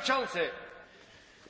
przewodniczący!